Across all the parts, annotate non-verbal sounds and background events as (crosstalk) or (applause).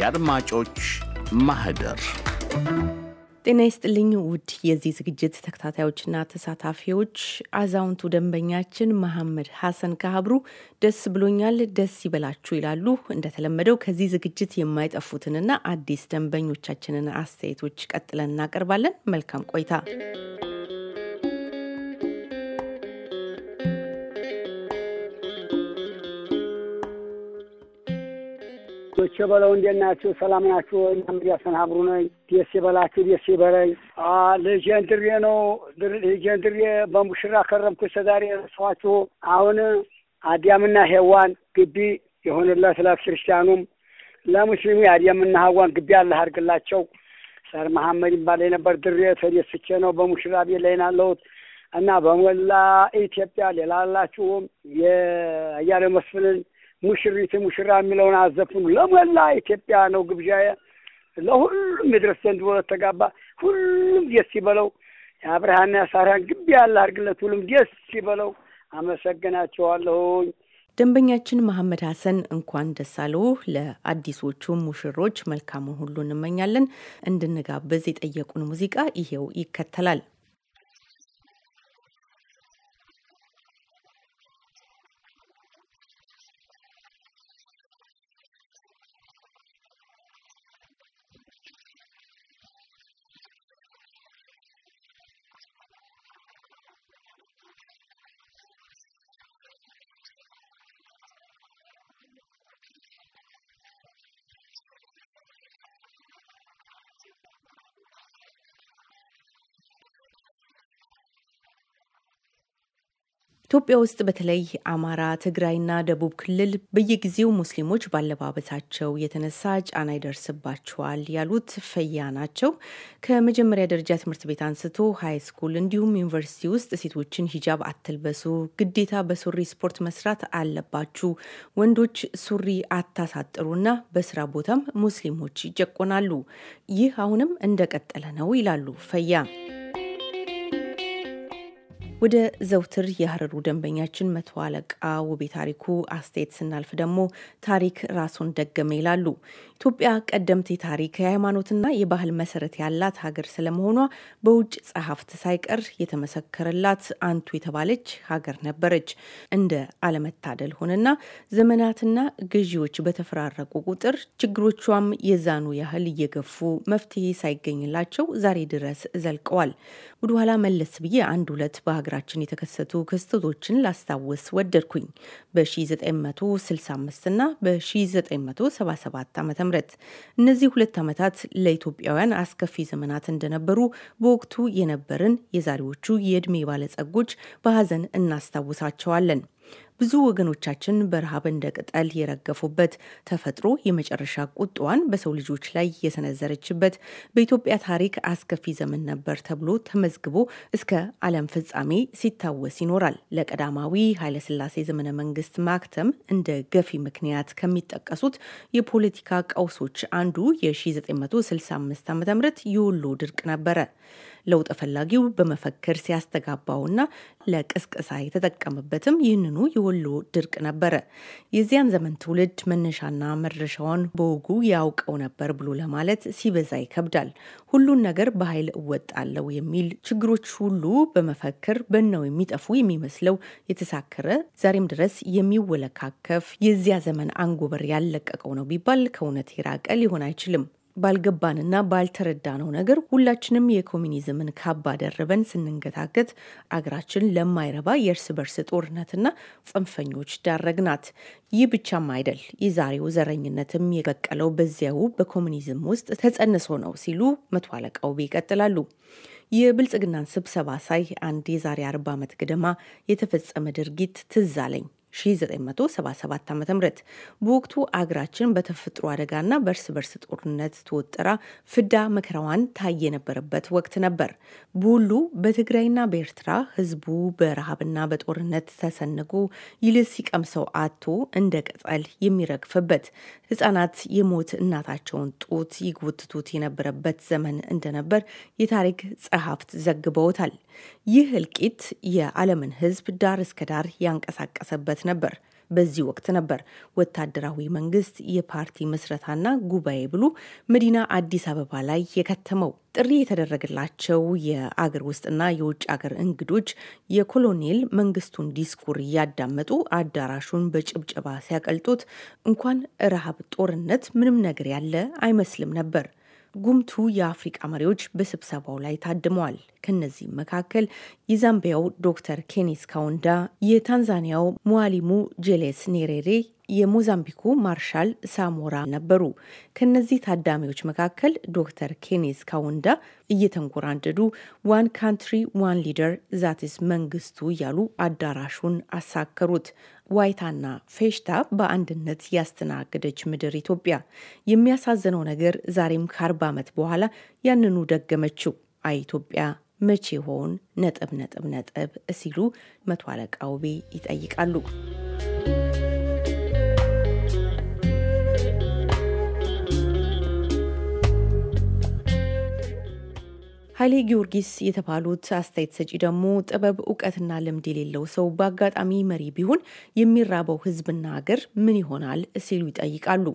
የአድማጮች ማህደር ጤና ይስጥልኝ ውድ የዚህ ዝግጅት ተከታታዮችና ተሳታፊዎች፣ አዛውንቱ ደንበኛችን መሐመድ ሀሰን ካህብሩ ደስ ብሎኛል፣ ደስ ይበላችሁ ይላሉ። እንደተለመደው ከዚህ ዝግጅት የማይጠፉትንና አዲስ ደንበኞቻችንን አስተያየቶች ቀጥለን እናቀርባለን። መልካም ቆይታ። ዶቼ በለው እንዴት ናችሁ? ሰላም ናችሁ? እንግዲህ ሀብሩ ነኝ። ደስ ይበላችሁ፣ ደስ ይበለኝ። ልጄን ድሬ ነው ልጄን ድሬ በሙሽራ ከረምኩ እስከዛሬ ረሳኋችሁ። አሁን አዲያምና ሄዋን ግቢ የሆንላት ለክርስቲያኑም ለሙስሊሙ የአዲያምና ሀዋን ግቢ አላህ አድርግላቸው። ሰር መሐመድ ይባል የነበር ድሬ ተደስቼ ነው በሙሽራ ቤት ላይ ናለሁት እና በሞላ ኢትዮጵያ ሌላ አላችሁም የአያሌው መስፍንን ሙሽሪት ሙሽራ የሚለውን አዘፍኑ። ለመላ ኢትዮጵያ ነው ግብዣ፣ ለሁሉም ይድረስ ዘንድ ብሎ ተጋባ። ሁሉም ደስ ይበለው። የአብርሃና ሳራን ግቢ ያለ አድርግለት። ሁሉም ደስ ይበለው። አመሰግናቸዋለሁኝ። ደንበኛችን መሐመድ ሀሰን እንኳን ደስ አለው። ለአዲሶቹ ሙሽሮች መልካሙን ሁሉ እንመኛለን። እንድንጋብዝ የጠየቁን ሙዚቃ ይሄው ይከተላል። ኢትዮጵያ ውስጥ በተለይ አማራ፣ ትግራይና ደቡብ ክልል በየጊዜው ሙስሊሞች ባለባበሳቸው የተነሳ ጫና ይደርስባቸዋል ያሉት ፈያ ናቸው። ከመጀመሪያ ደረጃ ትምህርት ቤት አንስቶ ሀይ ስኩል እንዲሁም ዩኒቨርሲቲ ውስጥ ሴቶችን ሂጃብ አትልበሱ፣ ግዴታ በሱሪ ስፖርት መስራት አለባችሁ፣ ወንዶች ሱሪ አታሳጥሩና በስራ ቦታም ሙስሊሞች ይጨቆናሉ። ይህ አሁንም እንደቀጠለ ነው ይላሉ ፈያ። ወደ ዘውትር የሀረሩ ደንበኛችን መቶ አለቃ ውቤ ታሪኩ አስተያየት ስናልፍ ደግሞ ታሪክ ራሱን ደገመ ይላሉ። ኢትዮጵያ ቀደምት የታሪክ የሃይማኖትና የባህል መሰረት ያላት ሀገር ስለመሆኗ በውጭ ጸሐፍት ሳይቀር የተመሰከረላት አንቱ የተባለች ሀገር ነበረች። እንደ አለመታደል ሆነና ዘመናትና ገዢዎች በተፈራረቁ ቁጥር ችግሮቿም የዛኑ ያህል እየገፉ መፍትሄ ሳይገኝላቸው ዛሬ ድረስ ዘልቀዋል። ወደኋላ መለስ ብዬ አንድ ሁለት በሀገራችን የተከሰቱ ክስተቶችን ላስታውስ ወደድኩኝ። በ1965ና በ1977 ዓ እነዚህ ሁለት ዓመታት ለኢትዮጵያውያን አስከፊ ዘመናት እንደነበሩ በወቅቱ የነበርን የዛሬዎቹ የዕድሜ ባለጸጎች በሐዘን እናስታውሳቸዋለን። ብዙ ወገኖቻችን በረሃብ እንደ ቅጠል የረገፉበት ተፈጥሮ የመጨረሻ ቁጣዋን በሰው ልጆች ላይ የሰነዘረችበት በኢትዮጵያ ታሪክ አስከፊ ዘመን ነበር ተብሎ ተመዝግቦ እስከ ዓለም ፍጻሜ ሲታወስ ይኖራል። ለቀዳማዊ ኃይለሥላሴ ዘመነ መንግስት ማክተም እንደ ገፊ ምክንያት ከሚጠቀሱት የፖለቲካ ቀውሶች አንዱ የ1965 ዓ ም የወሎ ድርቅ ነበረ። ለውጥ ፈላጊው በመፈክር ሲያስተጋባውና ለቅስቅሳ የተጠቀመበትም ይህንኑ የወሎ ድርቅ ነበረ። የዚያን ዘመን ትውልድ መነሻና መድረሻውን በወጉ ያውቀው ነበር ብሎ ለማለት ሲበዛ ይከብዳል። ሁሉን ነገር በኃይል እወጣለሁ የሚል ችግሮች ሁሉ በመፈክር በናው የሚጠፉ የሚመስለው የተሳከረ ዛሬም ድረስ የሚወለካከፍ የዚያ ዘመን አንጎበር ያለቀቀው ነው ቢባል ከእውነት የራቀ ሊሆን አይችልም። ባልገባንና ባልተረዳነው ነገር ሁላችንም የኮሚኒዝምን ካባ ደርበን ስንንገታገት አገራችን ለማይረባ የእርስ በርስ ጦርነትና ጽንፈኞች ዳረግናት። ይህ ብቻም አይደል፣ የዛሬው ዘረኝነትም የበቀለው በዚያው በኮሚኒዝም ውስጥ ተጸንሶ ነው ሲሉ መቶ አለቃው ይቀጥላሉ። የብልጽግናን ስብሰባ ሳይ አንድ የዛሬ አርባ ዓመት ገደማ የተፈጸመ ድርጊት ትዝ አለኝ። 1977 ዓ ም በወቅቱ አገራችን በተፈጥሮ አደጋና በእርስ በርስ ጦርነት ተወጠራ ፍዳ መከራዋን ታይ የነበረበት ወቅት ነበር። በሁሉ በትግራይና በኤርትራ ህዝቡ በረሃብና በጦርነት ተሰንጎ ይልስ ሲቀምሰው አቶ እንደ ቅጠል የሚረግፍበት ህጻናት የሞት እናታቸውን ጡት ይጎትቱት የነበረበት ዘመን እንደነበር የታሪክ ጸሐፍት ዘግበውታል። ይህ እልቂት የዓለምን ህዝብ ዳር እስከ ዳር ያንቀሳቀሰበት ሂደት ነበር። በዚህ ወቅት ነበር ወታደራዊ መንግስት የፓርቲ ምስረታና ጉባኤ ብሎ መዲና አዲስ አበባ ላይ የከተመው። ጥሪ የተደረገላቸው የአገር ውስጥና የውጭ አገር እንግዶች የኮሎኔል መንግስቱን ዲስኩር እያዳመጡ አዳራሹን በጭብጨባ ሲያቀልጡት እንኳን ረሃብ፣ ጦርነት ምንም ነገር ያለ አይመስልም ነበር። ጉምቱ የአፍሪቃ መሪዎች በስብሰባው ላይ ታድመዋል። ከነዚህም መካከል የዛምቢያው ዶክተር ኬኔስ ካውንዳ፣ የታንዛኒያው ሙዋሊሙ ጄሌስ ኔሬሬ፣ የሞዛምቢኩ ማርሻል ሳሞራ ነበሩ። ከነዚህ ታዳሚዎች መካከል ዶክተር ኬኔዝ ካውንዳ እየተንጎራደዱ ዋን ካንትሪ ዋን ሊደር ዛትስ መንግስቱ እያሉ አዳራሹን አሳከሩት። ዋይታና ፌሽታ በአንድነት ያስተናገደች ምድር ኢትዮጵያ። የሚያሳዝነው ነገር ዛሬም ከአርባ ዓመት በኋላ ያንኑ ደገመችው። አይ ኢትዮጵያ መቼ ሆን ነጥብ ነጥብ ነጥብ ሲሉ መቶ አለቃ ውቤ ይጠይቃሉ። ኃይሌ ጊዮርጊስ የተባሉት አስተያየት ሰጪ ደግሞ ጥበብ እውቀትና ልምድ የሌለው ሰው በአጋጣሚ መሪ ቢሆን የሚራበው ህዝብና ሀገር ምን ይሆናል ሲሉ ይጠይቃሉ።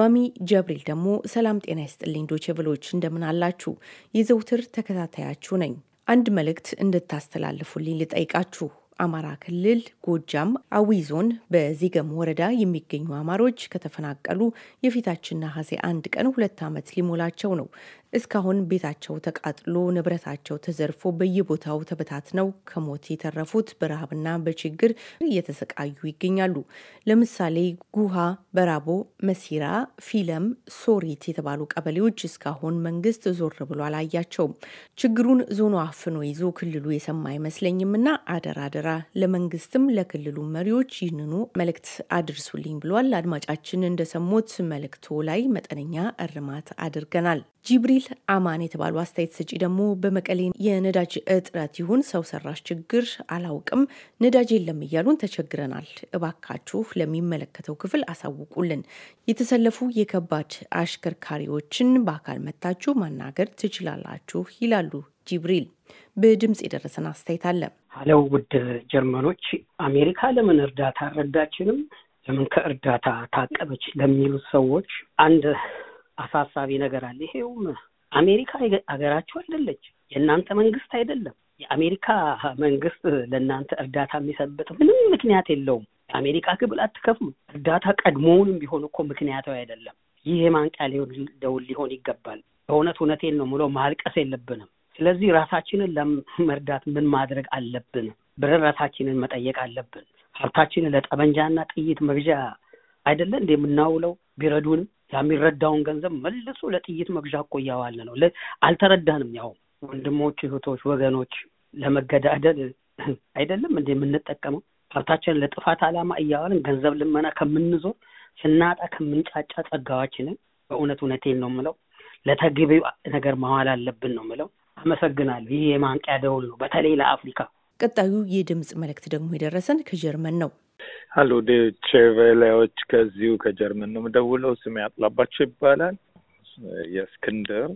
ማሚ ጀብሪል ደግሞ ሰላም ጤና ይስጥልኝ ዶችቭሎች እንደምን አላችሁ? የዘውትር ተከታታያችሁ ነኝ። አንድ መልእክት እንድታስተላልፉልኝ ልጠይቃችሁ። አማራ ክልል ጎጃም አዊ ዞን በዚገም ወረዳ የሚገኙ አማሮች ከተፈናቀሉ የፊታችን ነሐሴ አንድ ቀን ሁለት ዓመት ሊሞላቸው ነው። እስካሁን ቤታቸው ተቃጥሎ ንብረታቸው ተዘርፎ በየቦታው ተበታትነው ከሞት የተረፉት በረሃብና በችግር እየተሰቃዩ ይገኛሉ። ለምሳሌ ጉሃ፣ በራቦ፣ መሲራ፣ ፊለም፣ ሶሪት የተባሉ ቀበሌዎች እስካሁን መንግስት ዞር ብሎ አላያቸውም። ችግሩን ዞኑ አፍኖ ይዞ ክልሉ የሰማ አይመስለኝም እና አደራ አደራ ለመንግስትም ለክልሉ መሪዎች ይህንኑ መልእክት አድርሱልኝ ብሏል። አድማጫችን እንደሰሙት መልእክቶ ላይ መጠነኛ እርማት አድርገናል። ጅብሪል አማን የተባሉ አስተያየት ሰጪ ደግሞ በመቀሌ የነዳጅ እጥረት ይሁን ሰው ሰራሽ ችግር አላውቅም፣ ነዳጅ የለም እያሉን ተቸግረናል። እባካችሁ ለሚመለከተው ክፍል አሳውቁልን። የተሰለፉ የከባድ አሽከርካሪዎችን በአካል መታችሁ ማናገር ትችላላችሁ ይላሉ ጅብሪል። በድምፅ የደረሰን አስተያየት አለ። አለው ውድ ጀርመኖች፣ አሜሪካ ለምን እርዳታ አልረዳችንም? ለምን ከእርዳታ ታቀበች? ለሚሉት ሰዎች አንድ አሳሳቢ ነገር አለ። ይሄውም አሜሪካ አገራችሁ አይደለች፣ የእናንተ መንግስት አይደለም። የአሜሪካ መንግስት ለእናንተ እርዳታ የሚሰጥበት ምንም ምክንያት የለውም። የአሜሪካ ግብል አትከፍሉ። እርዳታ ቀድሞውንም ቢሆን እኮ ምክንያታዊ አይደለም። ይህ የማንቂያ ደውል ሊሆን ይገባል። በእውነት እውነቴን ነው ምሎ ማልቀስ የለብንም። ስለዚህ ራሳችንን ለመርዳት ምን ማድረግ አለብን ብረን ራሳችንን መጠየቅ አለብን። ሀብታችንን ለጠመንጃና ጥይት መግዣ አይደለ እንደ የምናውለው ቢረዱንም የሚረዳውን ገንዘብ መልሶ ለጥይት መግዣ እኮ እያዋለ ነው። አልተረዳንም። ያው ወንድሞች፣ እህቶች፣ ወገኖች ለመገዳደል (clears throat) አይደለም እንደ የምንጠቀመው ሀብታችንን ለጥፋት ዓላማ እያዋልን ገንዘብ ልመና ከምንዞር ስናጣ ከምንጫጫ ጸጋዋችንን በእውነት እውነቴን ነው ምለው ለተገቢው ነገር መዋል አለብን ነው ምለው። አመሰግናለሁ። ይህ የማንቂያ ደውል ነው፣ በተለይ ለአፍሪካ። ቀጣዩ የድምፅ መልእክት ደግሞ የደረሰን ከጀርመን ነው። አሉ ዶቼቬሌዎች ከዚሁ ከጀርመን ነው የምደውለው። ስሜ አጥላባቸው ይባላል። የእስክንድር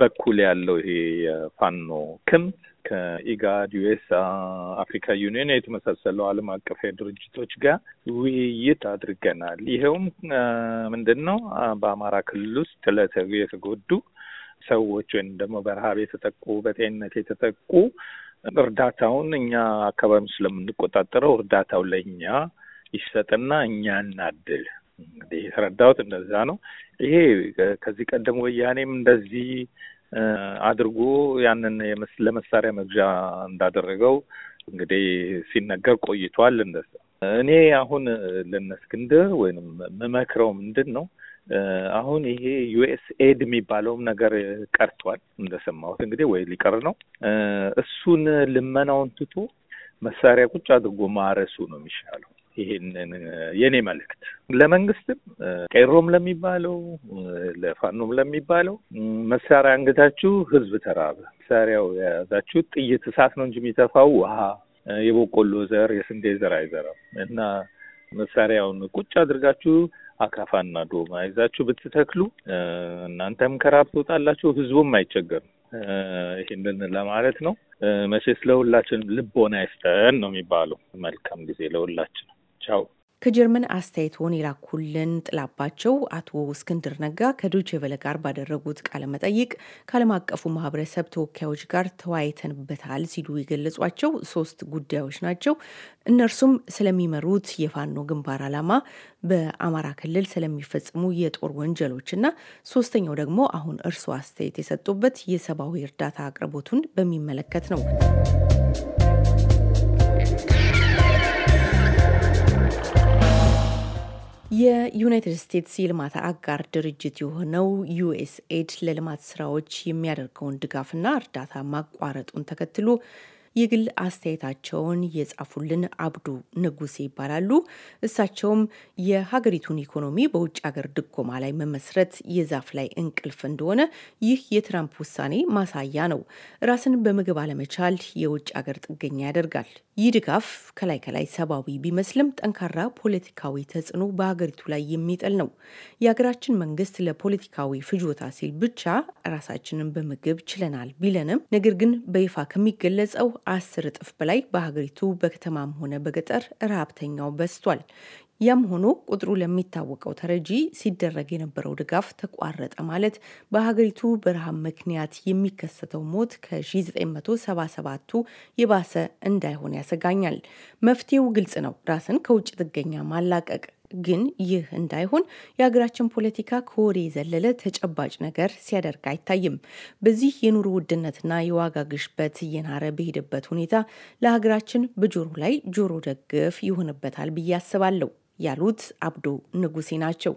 በኩል ያለው ይሄ የፋኖ ክንፍ ከኢጋድ፣ ዩኤስ፣ አፍሪካ ዩኒየን የተመሳሰለው ዓለም አቀፍ ድርጅቶች ጋር ውይይት አድርገናል። ይኸውም ምንድን ነው በአማራ ክልል ውስጥ የተጎዱ ሰዎች ወይም ደግሞ በረሃብ የተጠቁ በጤንነት የተጠቁ እርዳታውን እኛ አካባቢ ስለምንቆጣጠረው እርዳታው ለእኛ ይሰጥና እኛ እናድል። እንግዲህ የተረዳሁት እንደዛ ነው። ይሄ ከዚህ ቀደም ወያኔም እንደዚህ አድርጎ ያንን ለመሳሪያ መግዣ እንዳደረገው እንግዲህ ሲነገር ቆይቷል። እንደዛ እኔ አሁን ለእነ እስክንድር ወይም ምንድን ነው አሁን ይሄ ዩኤስ ኤድ የሚባለውም ነገር ቀርቷል እንደሰማሁት እንግዲህ ወይ ሊቀር ነው። እሱን ልመናውን ትቶ መሳሪያ ቁጭ አድርጎ ማረሱ ነው የሚሻለው። ይሄንን የኔ መልእክት ለመንግስትም ቀይሮም ለሚባለው ለፋኖም ለሚባለው መሳሪያ አንግታችሁ ህዝብ ተራበ። መሳሪያው የያዛችሁ ጥይት እሳት ነው እንጂ የሚተፋው ውሃ የበቆሎ ዘር የስንዴ ዘር አይዘራም እና መሳሪያውን ቁጭ አድርጋችሁ አካፋና ዶማ ይዛችሁ ብትተክሉ እናንተም ከራብ ትወጣላችሁ፣ ህዝቡም አይቸገርም። ይህንን ለማለት ነው። መቼስ ለሁላችን ልቦና ይስጠን ነው የሚባለው። መልካም ጊዜ ለሁላችን። ቻው። ከጀርመን አስተያየትዎን የላኩልን ጥላባቸው አቶ እስክንድር ነጋ ከዶቼ ቬለ ጋር ባደረጉት ቃለ መጠይቅ ከዓለም አቀፉ ማህበረሰብ ተወካዮች ጋር ተወያይተንበታል ሲሉ የገለጿቸው ሶስት ጉዳዮች ናቸው። እነርሱም ስለሚመሩት የፋኖ ግንባር ዓላማ፣ በአማራ ክልል ስለሚፈጽሙ የጦር ወንጀሎችና ሶስተኛው ደግሞ አሁን እርስዎ አስተያየት የሰጡበት የሰብአዊ እርዳታ አቅርቦቱን በሚመለከት ነው። የዩናይትድ ስቴትስ የልማት አጋር ድርጅት የሆነው ዩኤስኤድ ለልማት ስራዎች የሚያደርገውን ድጋፍና እርዳታ ማቋረጡን ተከትሎ የግል አስተያየታቸውን የጻፉልን አብዱ ንጉሴ ይባላሉ። እሳቸውም የሀገሪቱን ኢኮኖሚ በውጭ ሀገር ድጎማ ላይ መመስረት የዛፍ ላይ እንቅልፍ እንደሆነ ይህ የትራምፕ ውሳኔ ማሳያ ነው፣ ራስን በምግብ አለመቻል የውጭ ሀገር ጥገኛ ያደርጋል ይህ ድጋፍ ከላይ ከላይ ሰብአዊ ቢመስልም ጠንካራ ፖለቲካዊ ተጽዕኖ በሀገሪቱ ላይ የሚጥል ነው። የሀገራችን መንግስት ለፖለቲካዊ ፍጆታ ሲል ብቻ ራሳችንን በምግብ ችለናል ቢለንም ነገር ግን በይፋ ከሚገለጸው አስር እጥፍ በላይ በሀገሪቱ በከተማም ሆነ በገጠር ረሀብተኛው በዝቷል። ያም ሆኖ ቁጥሩ ለሚታወቀው ተረጂ ሲደረግ የነበረው ድጋፍ ተቋረጠ ማለት በሀገሪቱ በረሃብ ምክንያት የሚከሰተው ሞት ከ1977ቱ የባሰ እንዳይሆን ያሰጋኛል። መፍትሄው ግልጽ ነው፣ ራስን ከውጭ ጥገኛ ማላቀቅ። ግን ይህ እንዳይሆን የሀገራችን ፖለቲካ ከወሬ የዘለለ ተጨባጭ ነገር ሲያደርግ አይታይም። በዚህ የኑሮ ውድነትና የዋጋ ግሽበት እየናረ በሄደበት ሁኔታ ለሀገራችን በጆሮ ላይ ጆሮ ደግፍ ይሆንበታል ብዬ አስባለሁ። ያሉት አብዶ ንጉሴ ናቸው።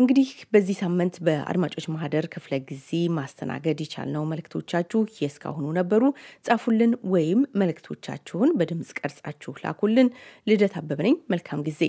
እንግዲህ በዚህ ሳምንት በአድማጮች ማህደር ክፍለ ጊዜ ማስተናገድ የቻልነው መልእክቶቻችሁ የእስካሁኑ ነበሩ። ጻፉልን ወይም መልእክቶቻችሁን በድምፅ ቀርጻችሁ ላኩልን። ልደት አበበ ነኝ። መልካም ጊዜ